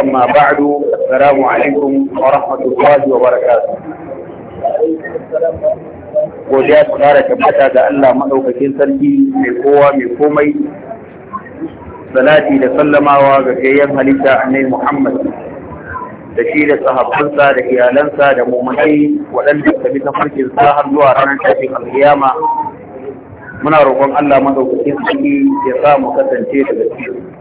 أما بعد السلام عليكم ورحمة الله وبركاته godiya su ƙara tabbata ga Allah maɗaukakin sarki mai kowa mai komai salati da sallamawa ga gayyan halitta annai Muhammad da shi da sahabbansa da iyalansa da mumunai waɗanda ta bi tafarkin sa har zuwa ranar tashin alkiyama muna roƙon Allah maɗaukakin sarki ya sa mu kasance da cikin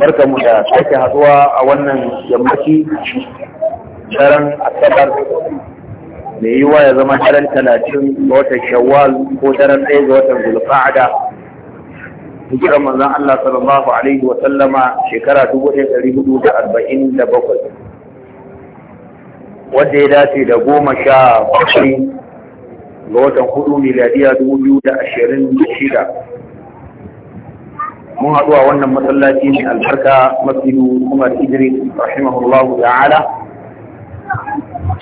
barka mu da sake haɗuwa a wannan yammaci daren asabar mai yiwa ya zama daren talatin ga watan shawwal ko daren ɗaya ga watan zulfa'ada hijirar manzon Allah sallallahu alaihi wa sallama shekara dubu ɗaya ɗari hudu da arba'in da bakwai wanda ya dace da goma sha bakwai ga watan hudu miliyariya dubu biyu da ashirin da shida mun haɗu a wannan masallaci ne albarka masjidu Umar Idris rahimahullahu ta'ala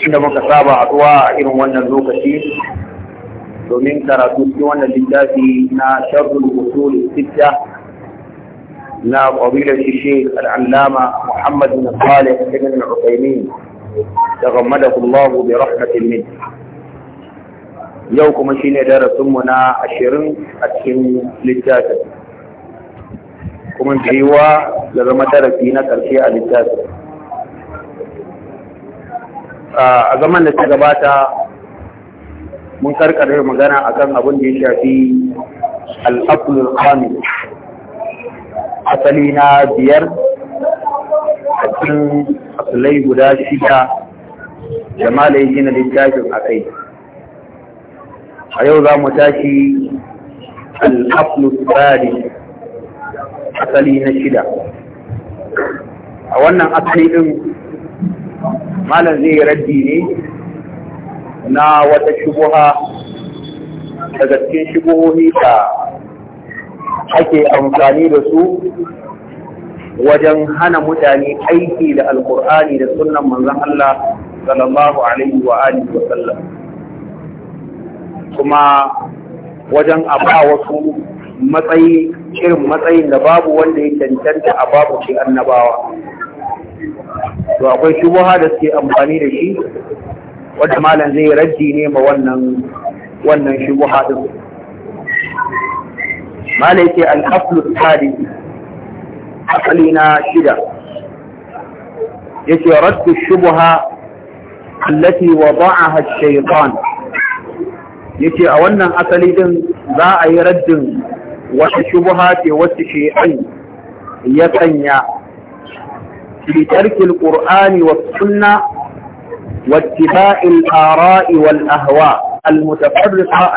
inda muka saba haɗuwa a irin wannan lokaci domin karatu cikin wannan littafi na sharhul usul sitta na qabilar Sheikh Al-Allama Muhammad bin Salih ibn Al-Uthaymeen tagammadahu Allah bi rahmatin min yau kuma shine darasin mu na ashirin a cikin littafin kuma da zama darasi na ƙarshe a littafi a zaman da ta gabata mun karkare magana akan abin da ya shafi al'aflul khamil asali na biyar a cikin asalai guda shida da malayi gina littafin a kai a yau za mu tashi al'aflul khamil asali na shida a wannan asali ɗin malam zai raddi ne na wata shubuha daga cikin shubuhohi da ake amfani da su wajen hana mutane aiki da alkur'ani da sunan manzon Allah sallallahu alaihi wa alihi wa sallam kuma wajen aba wasu matsayi irin matsayin da babu wanda ya cancanta a babu shi annabawa to akwai shubuha da suke amfani da shi wadda malam zai raji ne ma wannan wannan shubuha din malai ce al-aslu tsari asali na shida yace raddu shubuha allati wada'aha ash-shaytan yace a wannan asali din za a yi raddin wata shubha ce wasu shaytan ya sanya fi tarkil qur'ani was sunna واتباع Wata والأهواء da المختلفة ya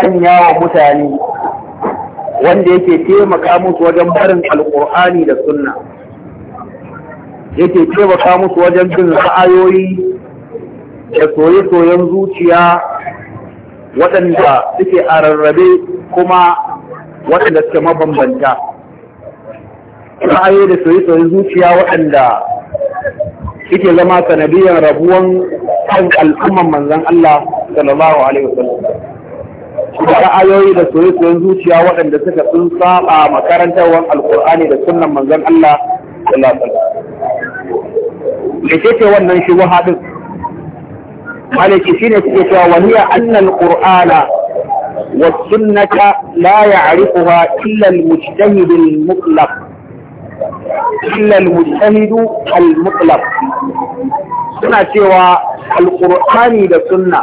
sanya wa mutane wanda yake taimaka musu wajen barin alkur'ani da sunna yake taimaka musu wajen bin ra'ayoyi da soye zuciya waɗanda suke a rarrabe kuma waɗanda suke mabambanta ra'ayi da soye-soyen zuciya waɗanda suke zama sanadiyar rabuwan al'umman manzan Allah sallallahu alaihi wasallam da ra'ayoyi da soye-soyen zuciya waɗanda suka sun saba makarantarwar alkur'ani da sunan manzan Allah sallallahu alaihi wasallam da ke wannan shi din malaki shine suke cewa waniya annal qur'ana والسنة لا يعرفها إلا المجتهد المطلق إلا المجتهد المطلق suna cewa alƙur'ani da sunna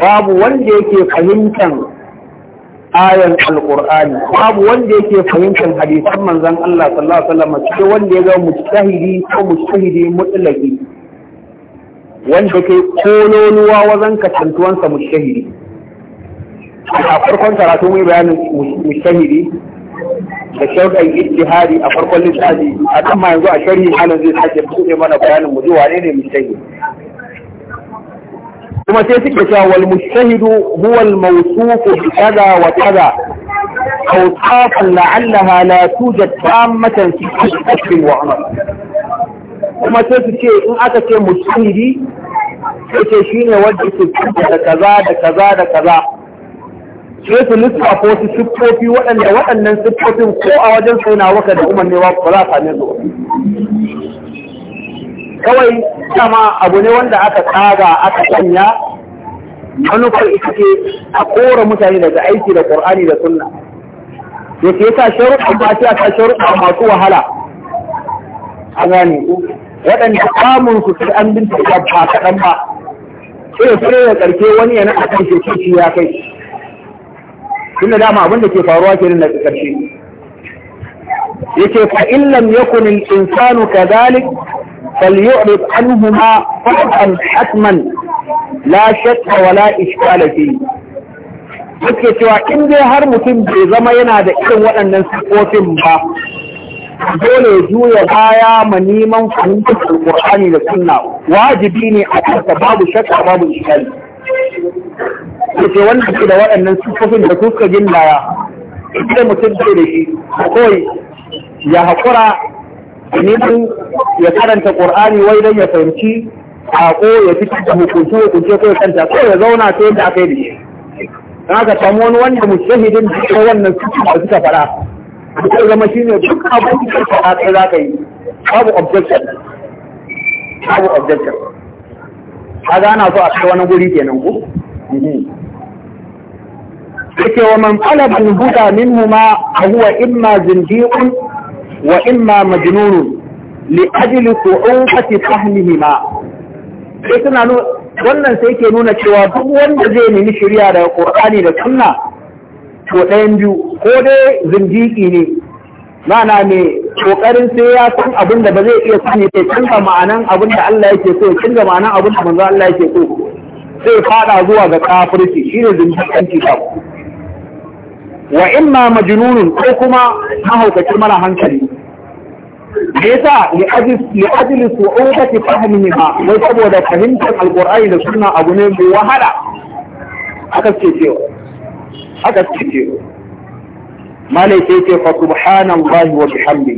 babu wanda yake fahimtar ayan alƙur'ani babu wanda yake fahimtar hadisan manzon Allah sallallahu alaihi wasallam sai wanda ya ga mujtahidi ko mujtahidi mutlaqi wanda ke kololuwa wajen kasantuwansa mushahiri a farkon karatu mai bayanin mushahiri da shauƙan ijtihadi a farkon littafi a kan ma yanzu a sharhi halin zai sake buɗe mana bayanin mu zuwa ne ne mushahiri kuma sai suka cewa wal mushtahidu huwa al mawsufu bi kaza wa kaza awsafan la'allaha la tujad tammatan fi kasbin wa amal kuma sai su ce in aka ce mustahidi sai ce shi ne su kuma da kaza da kaza da kaza sai su ko su siffofi waɗanda waɗannan siffofin ko a wajen sai na waka da umarnewa ba za a same su kawai dama abu ne wanda aka tsaga aka sanya manufar ita ce a kora mutane daga aiki da ƙur'ani da sunna da ke yasa sharuɗa ba a ce a sharuɗa masu wahala a gane waɗanda samun su sai an bincika ba kaɗan ba sai sai ya ƙarfe wani yana a kan shi ya kai tunda dama abin da ke faruwa ke nan da ƙarshe yake fa in yakun al insanu kadhalik falyu'rid anhuma fa'an hatman la shakka wa la ishkala fi yake cewa in dai har mutum bai zama yana da irin waɗannan sifofin ba dole juya baya ma neman fahimtar alƙur'ani da sunna wajibi ne a kansa babu shakka babu ko ce wannan ke da waɗannan sufofin da kuka gindaya idan mutum ke da shi kawai ya haƙura neman ya karanta ƙur'ani wai don ya fahimci saƙo ya fitar da hukunci hukunce ko ya kanta ko ya zauna ta yadda aka yi da shi. Na ka samu wani wanda mujtahidin da wannan sufofin da suka fara zai zama shi ne duk abin da ka haɗe za ka yi babu objection babu objection ka gana so a kai wani guri kenan ku yake wa man talaba al-huda ma huwa imma zindiqun wa imma majnunun li ajli su'ufati fahmihima sai suna wannan sai ke nuna cewa duk wanda zai nemi shirya daga Qur'ani da Sunna to ɗayan biyu ko dai zindiki ne mana ne kokarin sai ya san abin da ba zai iya sani sai canza ma'anan abin da Allah yake so canza ma'anan abin da manzo Allah yake so sai fada zuwa ga kafirci shine zindikanci ka wa imma majnunun ko kuma mahaukaci mara hankali me yasa li ajli li ajli su'udati fahmiha wai saboda fahimtar alqur'ani da sunna abu ne mai wahala aka ce cewa haka suke ce sai ce fa subhanallahi wa bihamdi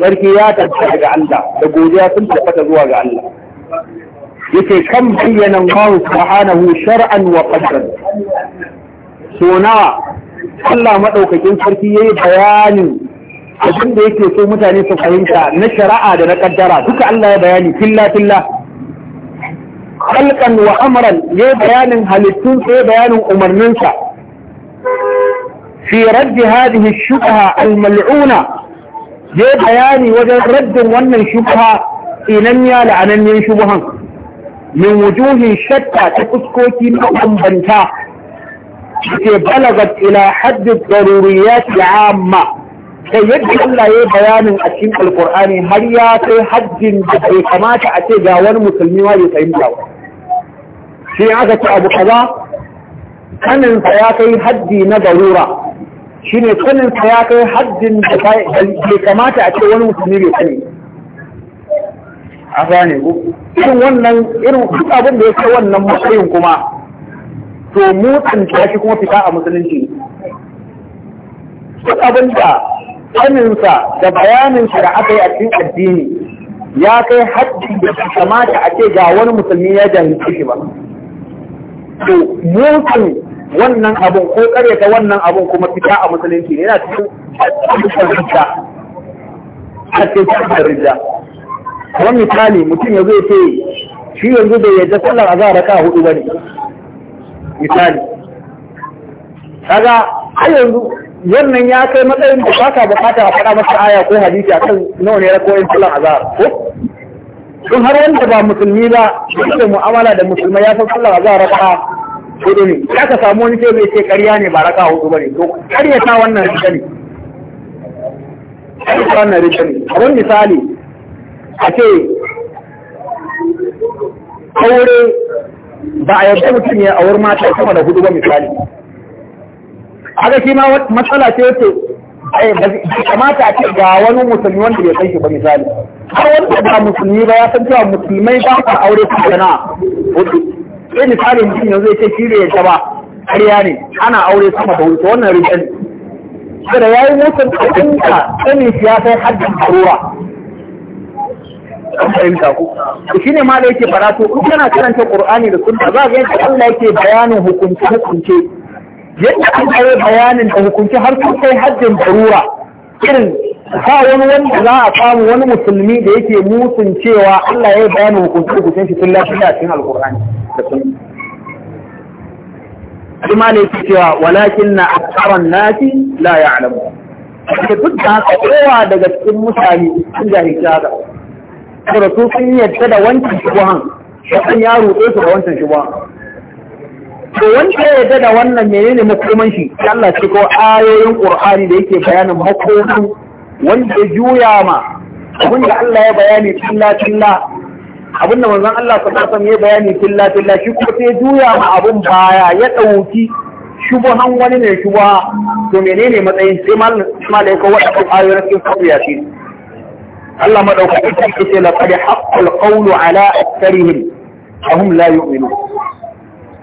sarki ya tabbata ga Allah da godiya sun tabbata zuwa ga Allah yake kan bayyana Allah subhanahu shar'an wa qadran so Allah madaukakin sarki yayi bayanin abin da yake so mutane su fahimta na shari'a da na kaddara duka Allah ya bayani filla filla halkan wa amran ya bayanin halittun sai bayanin umarninsa fi raddi hadhihi shubha al-mal'una ya bayani wajen raddin wannan shubha inan ya la'anannin shubhan min wujuhin shatta ta fuskoki mabambanta ke balagat ila haddin daruriyat al-amma kai yadda Allah ya bayanin a cikin alkur'ani har ya kai hajjin da bai kamata a ce ga wani musulmi ma bai fahimta ba shi aka ce abu kaza kaninsa ya kai haddi na garura shi ne kaninsa ya kai haddin da bai kamata a ce wani musulmi bai sani a gane ku irin wannan irin duk abin da ya kai wannan matsayin kuma to mutunta shi kuma fita a musulunci duk abin da saninsa da bayaninsa da aka yi a cikin addini ya kai haddi da kamata a ce ga wani musulmi ya jahilci shi ba. To, mutum wannan abun ko karyata wannan abun kuma fita a musulunci ne yana cikin rija. A cikin rija. Kamar misali mutum ya zai ce shi yanzu bai yadda sallar a zara ka hudu ba ne. Misali. Kaga, har yanzu yannan ya kai matsayin da ba ka bukata a faɗa masa aya ko hadisi akan nawa ne yin tulan azhar ko don har wanda ba musulmi ba da mu'amala da musulmai ya san tulan azhar raka hudu ne ya ka samu wani sai ce ƙarya ne ba raka hudu ne to ƙarya ta wannan rika ne ƙarya ta wannan rika ne kamar misali a ce aure ba a yarda mutum ya aure mata sama da hudu ba misali aga shi ma matsala ce yake eh, kamata a ce ga wani musulmi wanda bai kai shi ba misali har wanda ba musulmi ba ya san cewa musulmai ba ka aure su jana hudu sai misali mutum yanzu ya ce shi da yadda ba ƙarya ne ana aure sama da wuce wannan rikin da ya yi mutum a ɗinka sani shi ya kai haddin karura fahimta ku shi ne ma da yake fara to in kana karanta ƙur'ani da sunna za ga yadda Allah yake bayanin hukunce hukunce yadda an kare bayanin da hukunci har sun kai haddin barura irin ba wani wanda za a samu wani musulmi da yake musun cewa Allah ya bayani hukunci hukuncin shi tun lafiya cikin alkur'ani da sun shi ma ne cewa walakin na aksaran nasi la ya'lamu da duk da haka kowa daga cikin mutane sun jahilci haka saboda su sun yadda da wancan shubuhan sun ya rutse su da wancan shubuhan to wanda ya yarda da wannan menene makoman shi Allah ce ko ayoyin Qur'ani da yake bayanin makoman wanda ya juya ma abinda Allah ya bayani tilla tilla abinda manzon Allah sallallahu alaihi ya bayani tilla tilla shi ko sai juya ma abin baya ya dauki shubuhan wani ne shubuha to menene matsayin sai malai ko wadannan ayoyin cikin sabiya shi Allah madaukakin sarki ce laqad haqqal qawlu ala aktharihim fahum la yu'minun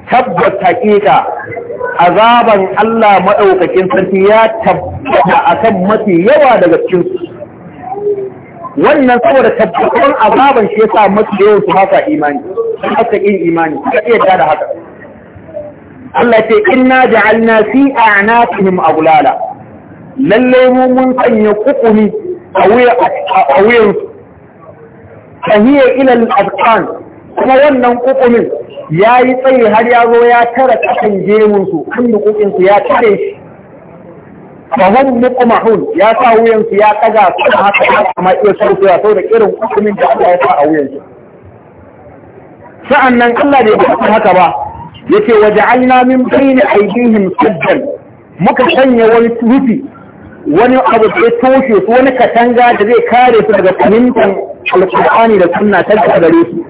tabbas haƙiƙa azaban Allah maɗaukakin sarki ya tabbata akan mafi yawa daga cikin wannan saboda tabbatar azaban shi yasa mafi yawan su haka imani haka in imani suka iya da haka Allah ce inna ja'alna fi a'naqihim aglala lalle mu mun sanya kukumi a wuya wuyan su tahiyya ila al kuma wannan kukumin ya yi tsaye har ya zo ya tara kasan gemunsu kan nukukinsu ya tare shi muku muqmahun ya sa wuyansu ya ɗaga su haka ya kama iya sarfewa sau da irin hukumin da Allah ya sa a wuyansu sa'an nan Allah da ya bata haka ba waje waja'alna min bayni aydihim saddan muka sanya wani rufi wani abu da ya toshe su wani katanga da zai kare su daga fahimtar alƙur'ani da sunna ta gare su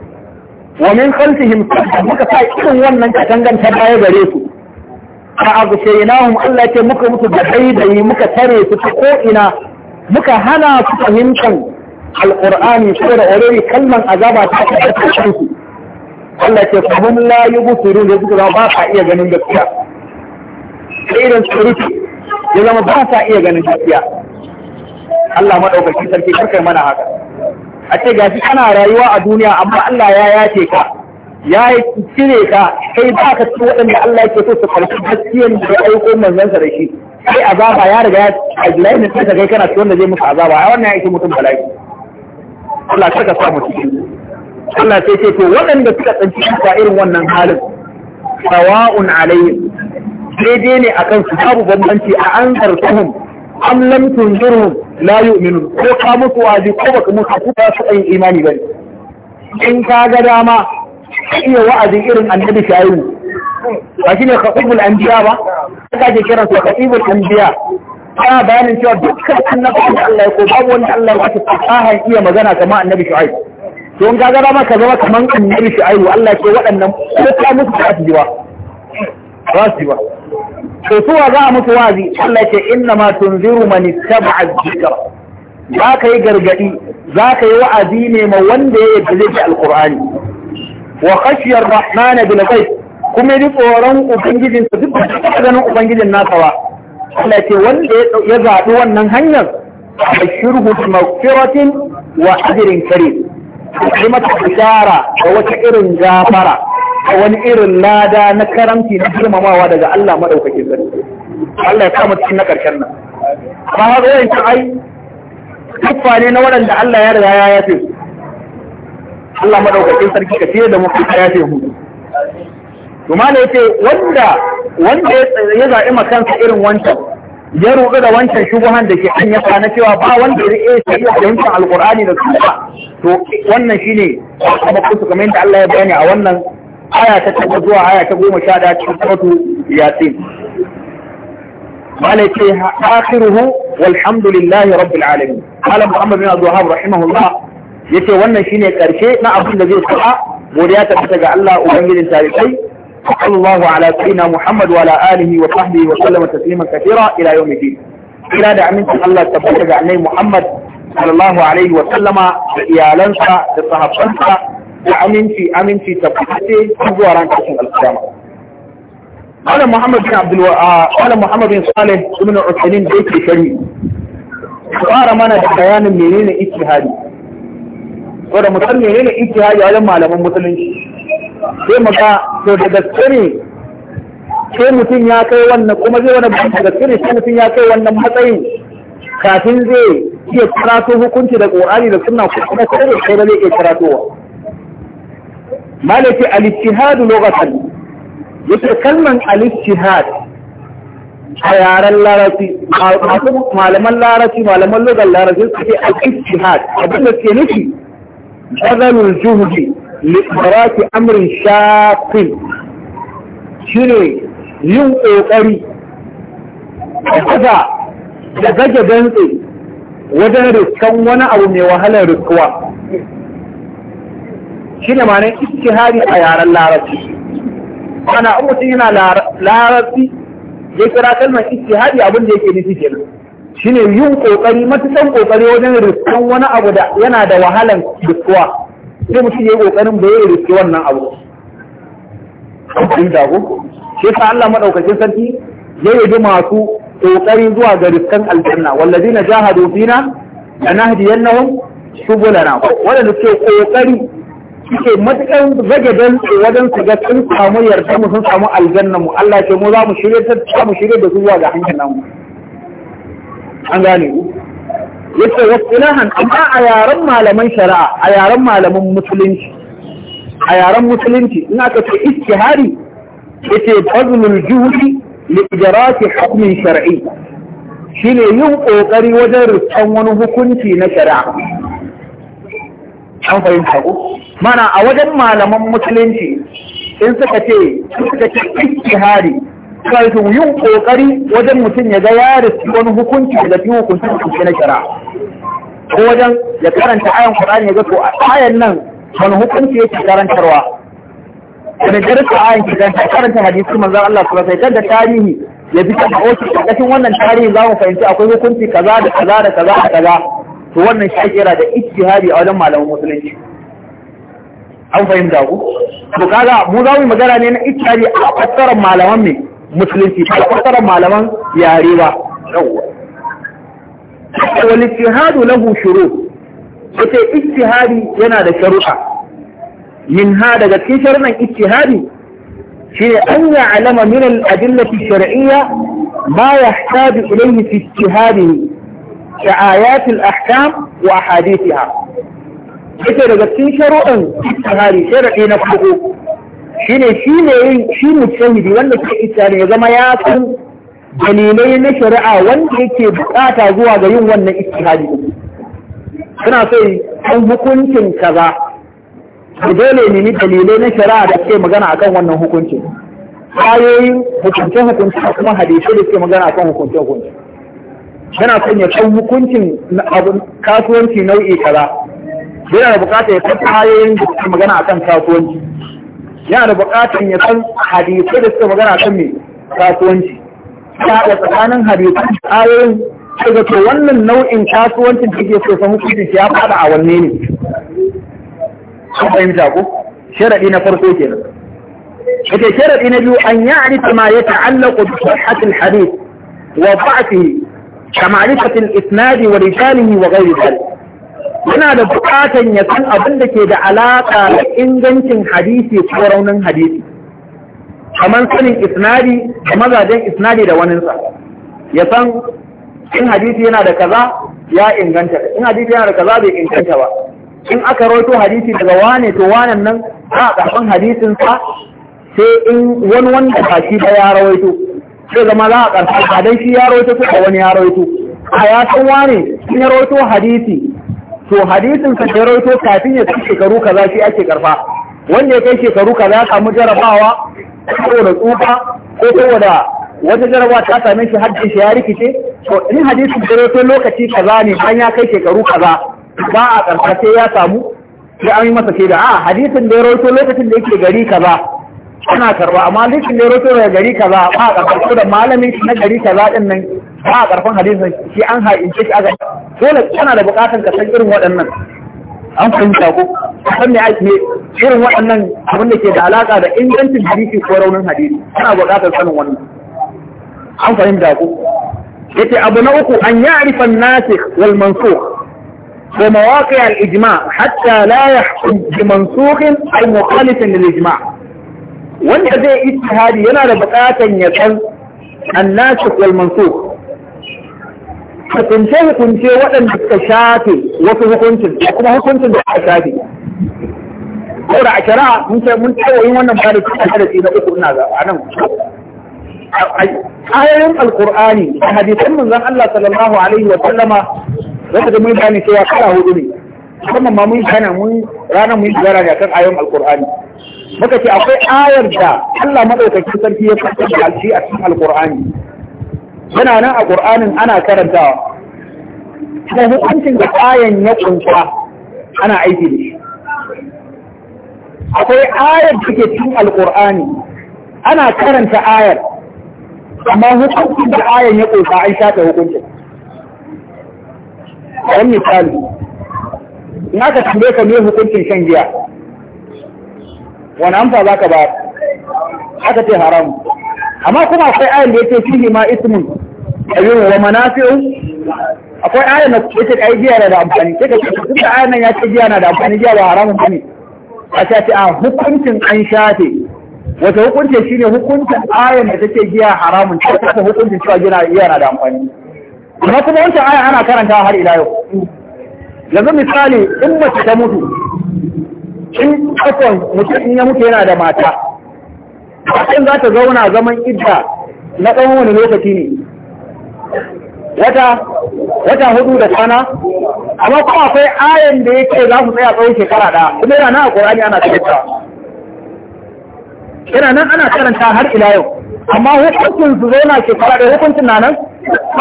wa min khalfihim muka sa irin wannan katangan ta baya gare su fa aghshaynahum Allah ya ce muka mutu da daidai muka tare su ta ko ina muka hana su fahimtar alqur'ani saboda already kalman azaba ta ta su Allah ya ce fa la yubsirun da suka ba sa iya ganin gaskiya sai da surutu ya zama ba sa iya ganin gaskiya Allah madaukaki sarki karkai mana haka a ce gashi ana rayuwa a duniya amma Allah ya yace ka ya cire ka kai ba ka ci waɗanda Allah yake so su karfi gaskiyan da ya aiko manzansa da shi sai azaba ya riga a gilayin da ka kai kana ci wanda zai musu azaba a wannan ya yake mutum bala'i Allah ka sa mu ciki Allah sai ce to waɗanda suka tsanci ka irin wannan halin sawa'un alayhim daidai ne a kansu. babu bambanci a an zartuhum am lam tunzirhum la yu'minun ko ka musu wazi ko baka musu ko ba su yin imani bane in ka ga dama iya wa'azi irin annabi shaibu ba shine khatibul anbiya ba ka je kiran su khatibul anbiya ana bayanin cewa dukkan annabawan da Allah ya ko babu wani Allah ya wata fasaha iya magana kamar annabi shu'aib to in ka ga dama ka zama kamar annabi shu'aib Allah ke waɗannan ko ka musu ba su ji ba ba su ji to suwa za a mutu wazi Allah ce inna ma tunziru man ittaba'a dhikra za ka yi gargadi za ka yi wa'azi ne ma wanda ya yarda da alqur'ani wa khashiya rahman bil ghaib kuma yi tsoron ubangijin ta duk da ganin ubangijin nasa ba Allah ce wanda ya zaɓi wannan hanyar bashirhu bi maghfiratin wa ajrin karim kuma ta bishara da wata irin gafara A wani irin lada na karamci na girmamawa daga Allah maɗaukakin sarki Allah ya kama cikin na ƙarshen nan ba haka yayin ta ai kuffa ne na waɗanda Allah ya riga ya yafe su Allah maɗaukakin sarki ka ce da mu ya yafe mu to ne yace wanda wanda ya zaɓi makansa irin wancan ya roƙi da wancan shubuhan da ke an yafa na cewa ba wanda ya iya shari'a da yankin alƙur'ani da sunna to wannan shine kuma kusa kamar yadda Allah ya bayani a wannan aya ta taɓa zuwa aya ta goma sha ɗaya cikin suratu yasin malai ce akhiruhu walhamdulillahi rabbil alamin malam muhammad bin abdulhab rahimahullah yace wannan shine karshe na abin da zai fara godiya ta daga Allah ubangijin tarikai صلى الله على سيدنا محمد وعلى آله وصحبه وسلم تسليما كثيرا إلى يوم الدين إلى دعمين الله تبارك عن محمد صلى الله عليه وسلم إيالنسا لصحابنسا da aminci aminci tabbatacce zuwa ran kashin alkiyama قال محمد بن عبد الو... قال محمد بن صالح بن عثمان da yake sharhi fara mana da bayanin menene ijtihadi ko da mutum menene ijtihadi wajen malaman musulunci sai maka to da gaske ne sai mutum ya kai wannan kuma zai wani bayan da gaske ne sai mutum ya kai wannan matsayin kafin zai iya karatu hukunci da ƙorani da suna kuma sai da sai da zai iya karatuwa. malaki al-ijtihad lughatan yace kalman al-ijtihad a yaren larabci masu malaman larabci malaman lugar larabci suke al-ijtihad abin da ke nufi bazalul juhdi li qarati amrin shaqin shine yin ƙoƙari. da da gaje wajen rikan wani abu mai wahalar rikuwa shi ne iske hari a yaren larabci ana in mutum yana larabci ya kira kalmar ijtihadi abin da yake nufi kenan ne yin kokari matukan kokari wajen riskan wani abu da yana da wahalan riskuwa sai mutum ya yi kokarin da ya riski wannan abu kun da shi yasa Allah maɗaukacin sarki ya yi masu kokari zuwa ga riskan aljanna wallazina jahadu fina lanahdiyannahum subulana wanda suke kokari suke zage rage dan wajen su ga sun samu yarda mu sun samu aljanna mu Allah ce mu za mu shirye ta ta mu shirye da su zuwa ga hanyar namu an gane ku yace wasilahan amma a yaran malaman shari'a a yaran malaman musulunci a yaran musulunci ina ka ce istihari yace fazlul juhudi li ijarati hukmin shar'i shine yin kokari wajen rikon wani hukunci na shari'a an fahimta ko mana a wajen malaman musulunci in suka ce suka ce istihari kafin yin ƙoƙari wajen mutum ya ga ya riski wani hukunci da fi hukuncin hukunci na kira. ko wajen ya karanta ayan Qur'ani ya ga to ayan nan wani hukunci ya yake karantarwa wani darasa ayan ki dan karanta hadisi manzon Allah sallallahu alaihi wasallam da tarihi ya bi ta A cikin wannan tarihi za mu fahimci akwai hukunci kaza da kaza da kaza da kaza to wannan shi kira da ijtihadi a wajen malaman musulunci an fahimta ku to kaga mu za mu magana ne na ijtihadi a fassarar malaman me musulunci ba fassarar malaman yare ba yawwa wal ijtihadu lahu shurut yace ijtihadi yana da sharuɗa ha daga cikin sharuɗan ijtihadi shi an ya'lama min al-adillati shar'iyya ma yahtaju ilayhi fi ijtihadihi da ayatul ahkam wa ahadithiha yake daga cikin sharuɗin istihari sharaɗi na farko shine shi ne shi mujtahidi wanda ke istihari ya zama ya san dalilai na shari'a wanda yake bukata zuwa ga yin wannan ittihadi suna sai an hukuncin kaza to dole ne ni dalilai na shari'a da ke magana akan wannan hukuncin ayoyin hukunce hukunce kuma hadisi da ke magana akan hukunce hukunce yana son ya san hukuncin kasuwanci nau'i kaza yana da bukatar ya san ayoyin da suke magana akan kasuwanci yana da bukatar ya san hadisi da suke magana akan me kasuwanci Ya haɗa tsakanin hadisi da ayoyin sai ga to wannan nau'in kasuwancin da ke so san hukuncin ya faɗa a wanne ne sun fahimta ko sharadi na farko kenan kake sharadi na biyu an ya'rifa ma ya ta'allaqu bi sihhatil hadith wa dha'fihi كمعرفة الإسناد ورجاله وغير ذلك yana da bukatan ya san abin da ke da alaƙa da ingancin hadisi ko raunin hadisi kamar sanin isnadi da mazajen isnadi da waninsa ya san in hadisi yana da kaza ya inganta in hadisi yana da kaza bai inganta ba in aka roto hadisi daga wane to wanan nan za a ƙarfin hadisinsa sai in wani wanda ba shi ba ya rawaito sai zama za a a don shi ya rawaito suka wani ya rawaito a ya san wane in ya rawaito hadisi to hadisin sun ya rawaito kafin ya ci shekaru kaza shi ake karfa wanda ya kai shekaru kaza za samu jarabawa ko da tsufa ko saboda wata jarabawa ta same shi haddi shi ya rikice to in hadisin ya rawaito lokaci kaza ne an ya kai shekaru kaza ba a karfa sai ya samu sai an yi masa shaida a hadisin da ya rawaito lokacin da yake gari kaza ana karba amma hadisin da ya roto daga gari kaza ba a karɓar da malamin na gari kaza din nan ba a karɓar hadisin shi an haƙince shi aka dole kana da buƙatar ka san irin waɗannan an fahimta ko san me ake irin waɗannan abin da ke da alaƙa da ingancin hadisi ko raunin hadisi ana buƙatar sanin wannan an fahimta ko yace abu na uku an ya'rifa an-nasikh wal mansukh ومواقع الإجماع حتى لا يحكم بمنسوخ أو مخالف للإجماع wanda zai ijtihadi yana da buƙatan ya san annasikh wal mansukh hukunce hukunce waɗanda suka shafe wasu hukuncin da kuma hukuncin da aka shafe saboda a shari'a mun ce mun tsawo yin wannan bada cikin hadisi na uku ina ga anan ayoyin alqur'ani a hadisan manzon Allah sallallahu alaihi wa sallama zaka da mun gane cewa kala hudu ne kuma ma mun kana mun ranar mun yi gara ga kan ayoyin alqur'ani muka ce akwai ayar da Allah madaukakin sarki ya fada da alshi a cikin alqur'ani yana nan a qur'anin ana karanta, kuma hukuncin da ayan ya kunsa ana aiki da shi akwai ayar da ke cikin alqur'ani ana karanta ayar amma hukuncin da ayan ya kunsa an shafe hukuncin wani misali in aka tambaye ka me hukuncin shan giya wani amsa za ka ba aka ce haram amma kuma akwai ayan da ya ce shi ma ismin ayyuhu wa manafi'u akwai ayan da ya ce ai giya na da amfani sai ka ce duk da ayan nan ya ce giya na da amfani giya ba haramun bane a ta ce a hukuncin an shafe wata hukuncin shine hukuncin ayan da take giya haramun ta ta hukuncin cewa giya na da amfani amma kuma wancan ayan ana karanta har ila yau yanzu misali in mace ta mutu in kafon mutum in ya mutu yana da mata kafin za ta zauna zaman idda na tsawon wani lokaci ne wata wata hudu da kwana, amma kuma akwai ayan da yake za su tsaya tsawon shekara ɗaya kuma yana nan a ƙorani ana karanta yana nan ana karanta har ila yau amma hukuncin su zauna shekara ɗaya hukuncin na nan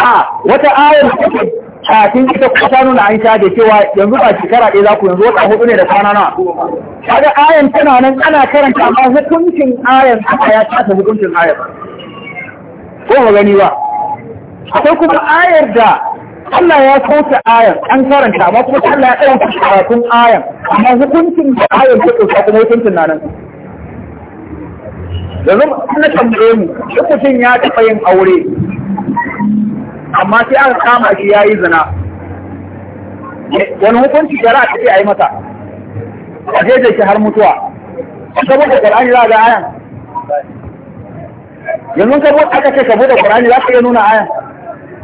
a wata ayan da a kin ita kuma ta nuna an sha da cewa yanzu ba shekara ɗaya za ku yanzu wata hudu ne da kwana na kaga ayan tana nan ana karanta amma hukuncin ayan haka ya kasa hukuncin ayan ko ba gani ba akwai kuma ayar da Allah ya kauta ayan an karanta amma kuma Allah ya ɗauka karatun ayan amma hukuncin da ayan ta ɗauka kuma hukuncin na nan yanzu ana tambaye mu duk ya taɓa yin aure amma sai aka kama shi ya yi zina wani hukunci shari'a ta ce a yi mata a jeje shi har mutuwa saboda Qur'ani za ga ayan yanzu ka aka ce saboda bude Qur'ani za ka iya nuna ayan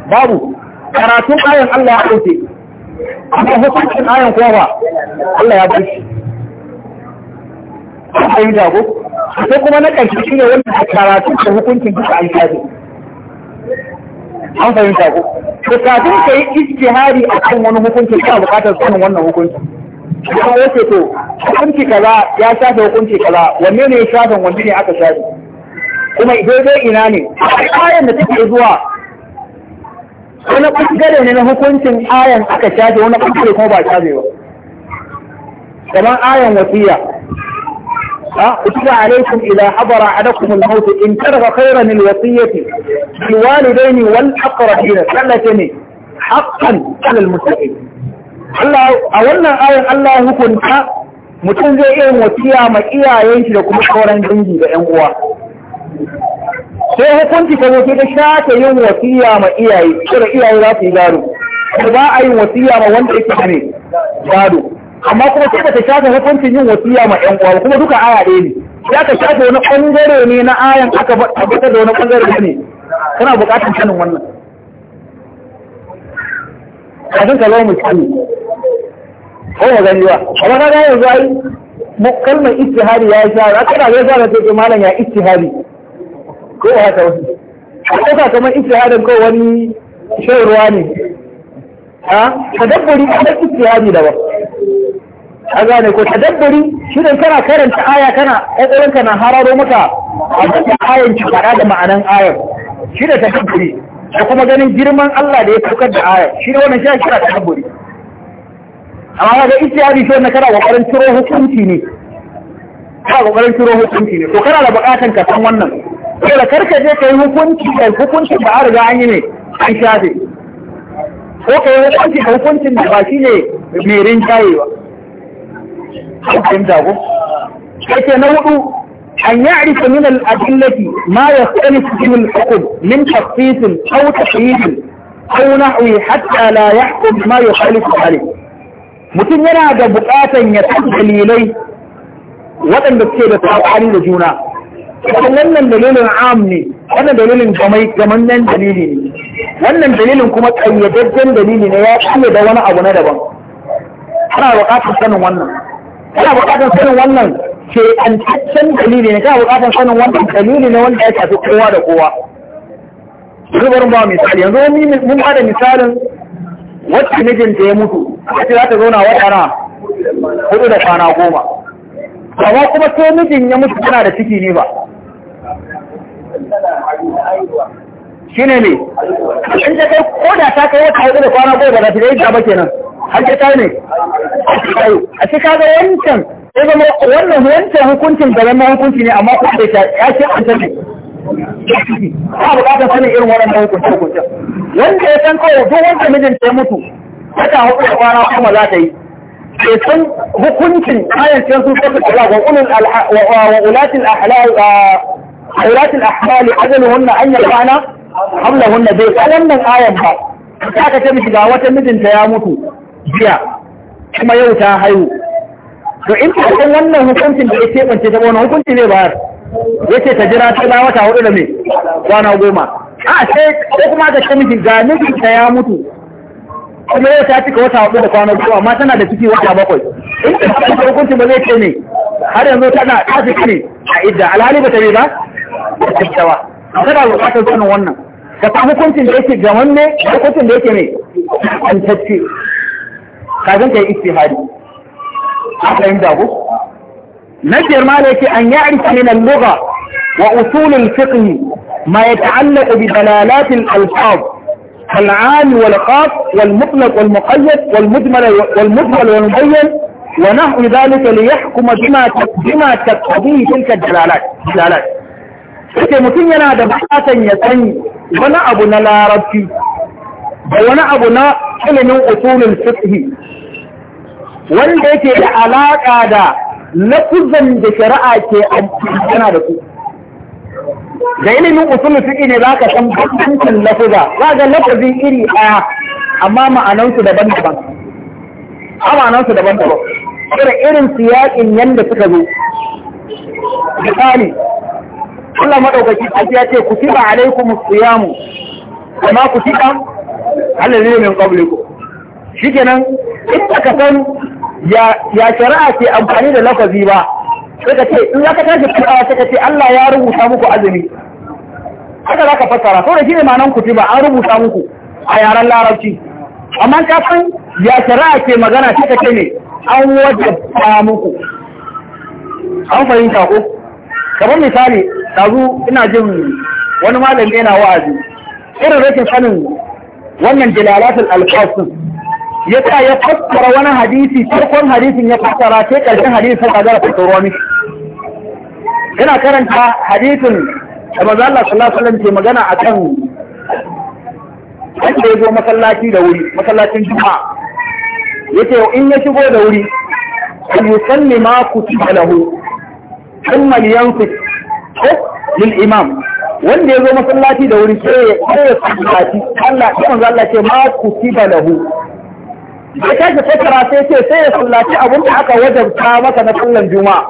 babu karatun ayan Allah ya dauke amma hukuncin ayan kuma ba Allah ya bar shi an fahimta ko sai kuma na ƙarshe shi ne wanda karatu da hukuncin duka an shafe an fahimta ko to kafin ka yi ijtihadi a kan wani hukunci kana buƙatar sanin wannan hukunci kuma wace to hukunci kaza ya shafe hukunci kaza wanne ne ya shafe wanne ne aka shafe kuma daidai ina ne ayan da take zuwa wani ɓangare ne na hukuncin ayan aka shafe wani ɓangare kuma ba shafe ba kamar ayan wasiya كتب عليكم إذا حضر أحدكم الموت إن ترك خيرا الوصية للوالدين والأقربين ثلاثة حقا على المتقين Allah a wannan ayin Allah hukunta mutum zai iya wasiya ma iyayen shi da kuma sauran dangi da ƴan uwa sai hukunci ta zoke ta shafe yin wasiya ma iyaye da iyaye za su yi gado ba a yin wasiya ma wanda yake ne gado amma kuma sai ka shafe hukuncin yin wasiya ma ƴan uwa kuma duka aya ɗaya ne za ka shafe wani ɓangare ne na ayan aka tabbatar da wani ɓangare ne kana buƙatar sanin wannan kafin ka zama musulmi ko ba gani ba amma kaga yanzu ai kalmar ittihadi ya sha ra kana zai yasa sai eh, malam ya ittihadi ko haka wani ko ka kamar ittihadin ko wani shan ruwa ne ha tadabburi da ittihadi da ba a gane ko dabbari shi ne kana karanta aya kana ƙwaƙwaranka na hararo maka a cikin ayan ci faɗa da ma'anan ayan shi ne tadabburi da kuma ganin girman Allah da ya tukar da ayan shi ne wannan shi ne kira tadabburi amma ga istiyari shi wannan kana ƙoƙarin ciro hukunci ne kana ƙoƙarin ciro hukunci ne to kana da buƙatan ka san wannan saboda karka je ka yi hukunci ka hukunci ba a riga an yi ne an shafe ko ka yi hukunci ka hukuncin da ba shi ne mai rinjayewa. an yake na hudu an ya'rifa min adillati ma yastanifu min al-hukm min tafsir aw hatta la ma mutum yana da bukatan ya san dalilai waɗanda suke da tsakani da juna wannan dalilin am ne wannan dalilin gamannen dalili ne wannan dalilin kuma ƙayyadajjen dalili ne ya da wani abu na daban ana bukatar sanin wannan kana buƙatar sanin wannan ke antaccen dalili ne kana buƙatar sanin wannan dalili ne wanda ya shafi kowa da kowa barin ba misali yanzu mun ba da misalin wacce mijinta ya mutu ce za ta zauna wata na hudu da kwana goma amma kuma ko mijin ya mutu tana da ciki ne ba shi ne ne in ta kai ko da ta kai wata hudu da kwana goma ba za ta yi ba kenan hajjata ne a ce kaga wancan ya zama wannan wancan hukuncin da zama hukunci ne amma kuma da ya ce an tafi ba bukatar sanin irin wannan hukunci hukunci wanda ya san kawai duk wanda mijin ta mutu ta hukunci kwana kuma za ta yi ke san hukuncin kayan can sun tafi kula wa ulul wa ulatil ahlal ulatil ahlal ajaluhunna an yalqana hamlahunna bai kalan nan ayan ba ta ka ce miki ga wata mijinta ya mutu jiya kuma yau ta haihu to in ka san wannan hukuncin da ya keɓance ta wani hukunci ne bayar ce ta jira ta ba wata hudu da me kwana goma a sai ko kuma ka ce ga miki ta ya mutu kuma yau ta cika wata hudu da kwana goma amma tana da ciki wata bakwai in ka san hukuncin ba zai ce ne har yanzu tana ta ciki ne a idda alhali ba ta bi ba ta tattawa tana bukatar sanin wannan ka ta hukuncin da yake ga wanne hukuncin da yake ne an tacce kafin ka yi istihari a kayan dago na biyar ma da yake an ya'rifa min al-lugha wa usul al-fiqh ma yata'allaqu bi dalalat al-alfaz كالعام والقاف والمطلق والمقيد والمجمل والمجمل والمبين ونحو ذلك ليحكم بما بما تقتضيه تلك الدلالات دلالات sai mutum yana da bukatan ya sani wani abu na larabci da wani abu na ilimin usulul fiqh wanda yake da alaƙa da lafuzan da shari'a ke amfani da su da ilimin usulun fiƙi ne za ka san bambancin lafuza za ga lafazin iri ɗaya amma ma'anansu daban-daban a ma'anansu daban-daban Kira irin siyaƙin yadda suka zo misali Allah maɗaukaki a ya ce ku tiba alaikum siyamu amma ku tiba alladhi min qablikum nan, in ka san ya shari'a ke amfani da lafazi ba suka ce in zaka tashi qur'ani suka ce Allah ya rubuta muku azumi haka zaka fassara to da shine ma'anar kutiba an rubuta muku a yaren larabci amma ka san ya shari'a ke magana suka ce ne an wajabta muku an fahimta ko kamar misali dazu ina jin wani malami yana wa'azi irin rashin sanin wannan jilalatul alqasim ya ta ya fassara wani hadisi farkon hadisin ya fassara sai karshen hadisin sai kaga fassara mishi yana karanta hadisin da manzo Allah sallallahu alaihi wasallam ke magana akan wanda ya zo masallaci da wuri masallacin juma'a yace in ya shigo da wuri ya salli ma ku kutiba lahu thumma ko lil imam wanda ya zo masallaci da wuri sai ya sallaci Allah sai manzo Allah ce ma ku tsalahu da ta shi sai ce sai ya sallaci abin da aka wajabta maka na sallan juma'a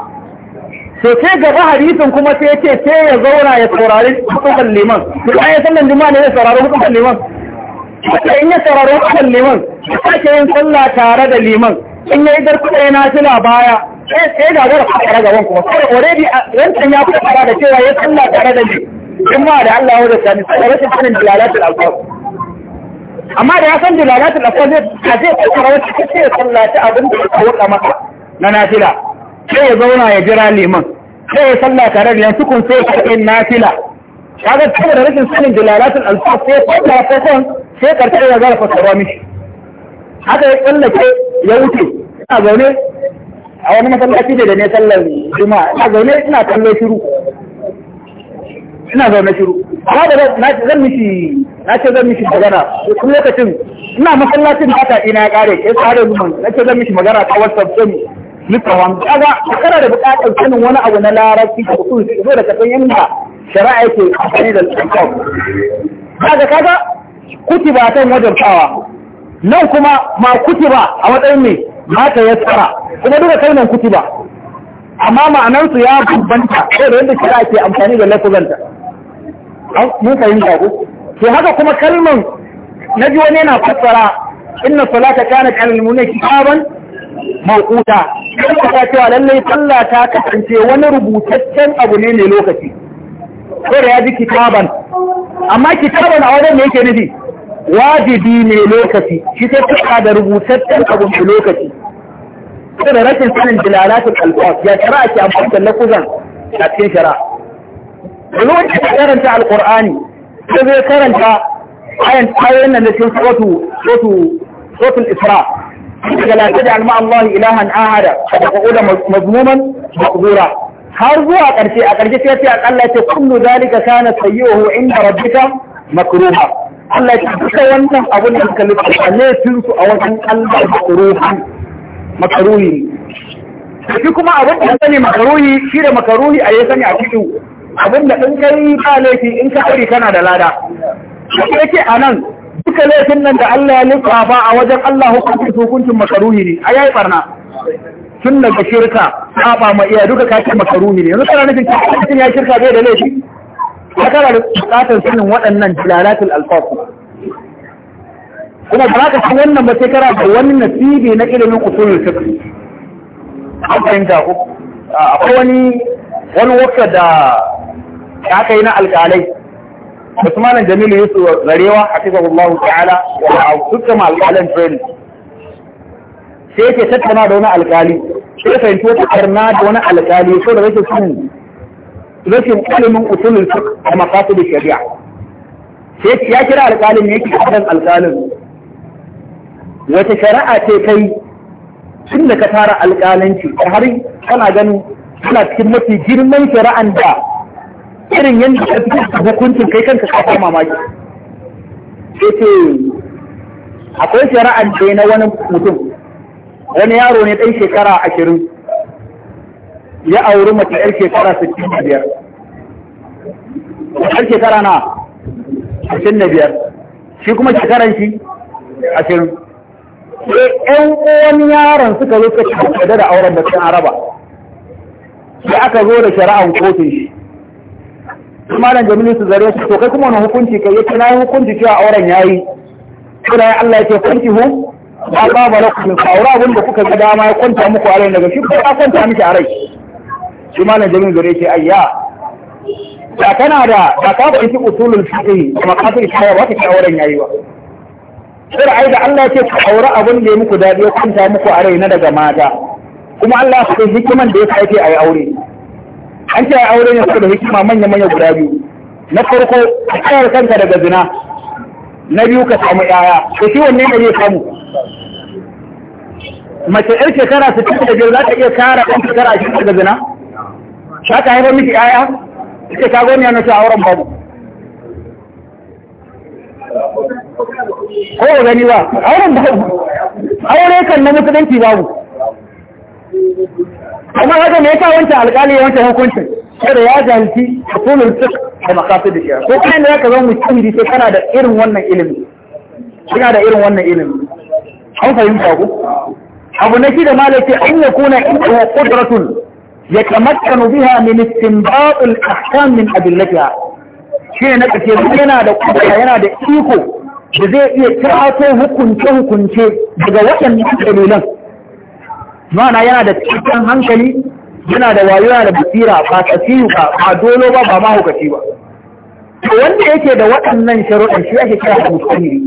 to sai gaba hadisin kuma sai ce sai ya zauna ya saurari hukumar liman duk ya sallan juma'a ne ya saurari hukumar liman in ya saurari hukumar liman sai sake yin sallah tare da liman in ya yi darkuɗa ya nafila baya sai ga zara fara gaban kuma sai already wancan ya fassara da cewa ya sallah tare da ni. in ma da Allah wajen sani sai rashin sanin dilalatul alfasu amma da ya san da aswad a zai kokara wata kace ya sallaci abin da ya wuka masa na nafila sai ya zauna ya jira liman sai ya salla tare da yansu kun sai in nafila kaga da rashin sanin da alfa sai ya salla sai karta ya zara fasara mishi haka ya tsallake ya wuce ina zaune a wani masallaci da ne sallar juma ina zaune ina kallo shiru ina zaune shiru amma da zan mishi na ce zan mishi magana duk lokacin ina masallacin ta ina ya kare ke tsare zuman na ce zan mishi magana ta whatsapp ɗin. litawan kaga kana da buƙatar sanin wani abu na larabci ko usul zo da kasan yanda shari'a yake amfani da litawan kaga kaga kutiba kan wajabtawa nan kuma ma kutiba a matsayin ne mata ya tsara kuma duka kai nan kutiba amma ma'anarsu ya bambanta ko da yanda shari'a ke amfani da lafazanta mun fahimta ku? to haka kuma kalman na ji wani yana fassara inna salata kana kalal mu'minin kitaban mawquta kuma ta cewa lallai sallah ta kasance wani rubutaccen abu ne mai lokaci ko da ya ji kitaban amma kitaban a wajen me yake nufi wajibi mai lokaci shi sai fuska da rubutaccen abu mai lokaci da rashin sanin dilalatul alfas ya shara ake amfani da lafuzan a cikin shara. Wani wanda ta karanta alƙur'ani sai zai karanta ayan ayoyin nan da cikin suratu suratu suratul isra daga la taj'al ma Allah ilahan ahada da qawla mazmuman maqdura har zuwa karshe a karshe sai ce Allah ce kullu zalika kana sayyi'uhu inda rabbika makruha Allah ya duka wannan abun da suka lissa ne sun su a wajen Allah makruha makruhi sai kuma abin da sani makruhi shi da makruhi a yi sani a cikin da in kai ba laifi in ka bari kana da lada wanda yake nan duka laifin nan da Allah ya ba a wajen Allah hukuncin hukuncin makaruhi ne a yayi barna tun daga shirka saba ma iya duka kake makaruhi ne yanzu kana nufin kafin ya shirka bai da laifi ya kana da bukatar sanin waɗannan jilalatul alfafu kuma ba ka san wannan ba sai kana da wani nasibi na ilimin usulul fiqh akwai wani wani wakka da da aka yi na alƙalai Usman Jamilu Yusuf Zarewa hafizahullahu ta'ala wa dukkan alƙalan training sai yake tattauna da wani alƙali sai fahimci wata karna da wani alƙali so da rashin sun rashin ilimin usulul fiqh da shari'a sai ya kira alƙalin yake kadan alƙalin wata shari'a ce kai tun da ka tara alƙalanci har kana ganin kana cikin mafi girman shari'an da irin yadda ka fi hukuncin kai kanka ka kama mamaki sai ce akwai shari'ar ce na wani mutum wani yaro ne ɗan shekara ashirin ya auri mace yar shekara sittin da biyar yar shekara na ashirin da biyar shi kuma shekaran shi ashirin sai ƴan uwan yaron suka zo suka da auren da sun araba sai aka zo da shari'ar kotun shi su malam jamilu su zare shi to kai kuma wani hukunci kai yake na yi hukunci cewa auren ya yi kuna Allah ya ce kwanci hu ba ba ba na kuma aure abin da kuka ga dama ya kwanta muku a rai daga shi ko ya kwanta miki a rai shi malam jamilu zare ce ayya da kana da da ka shi usulul fiqh kuma ka fi shi ba ka auren yayi ba sai ai da Allah ya ce ku aure abin da ya muku dadi ya kwanta muku a rai na daga mata kuma Allah ya fi hikiman da ya sa a yi aure an ce aure ne saboda hikima manya manya guda biyu na farko a kare kanka daga zina na biyu ka samu yaya ko shi wanne ne ya samu mace ɗan shekara su 65 za ta iya kare ɗan shekara 20 daga zina Sha ka haifar miki yaya ita ta gani yana ta auren babu ko gani ba auren babu aure kan na mutunci babu amma haka me yasa wancan alƙali ya wanke hukuncin kada ya jahilci hukumar fiqh da maqasid da ko kai ne ka zama mujtahidi sai kana da irin wannan ilimi kana da irin wannan ilimi an fahimta ku abu na shida malaki an yakuna inda qudratun yatamakkanu biha min istinbat al-ahkam min adillatiha shi na kace yana da kudura yana da iko da zai iya tirato hukunce hukunce daga waɗannan dalilan ma'ana yana da cikakken hankali yana da wayo yana da basira ba tafiyu ba ba dolo ba ba mahaukaci ba to wanda yake da waɗannan sharuɗin shi ake kira da mustahiri